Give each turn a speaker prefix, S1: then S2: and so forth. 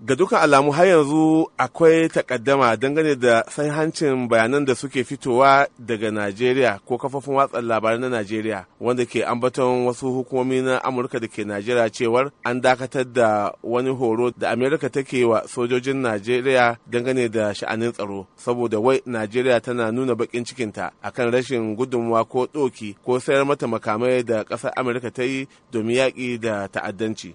S1: Da duka alamu har yanzu akwai takaddama dangane da sai hancin bayanan da suke fitowa daga najeriya ko kafofin watsa labarai na najeriya wanda ke ambaton wasu hukumomi na amurka da ke najeriya cewar an dakatar da wani horo da amerika take wa sojojin najeriya dangane da sha'anin tsaro saboda wai najeriya tana nuna bakin cikinta akan rashin gudunmuwa ko doki ko sayar mata makamai da ƙasar amurka ta yi domin yaƙi da ta'addanci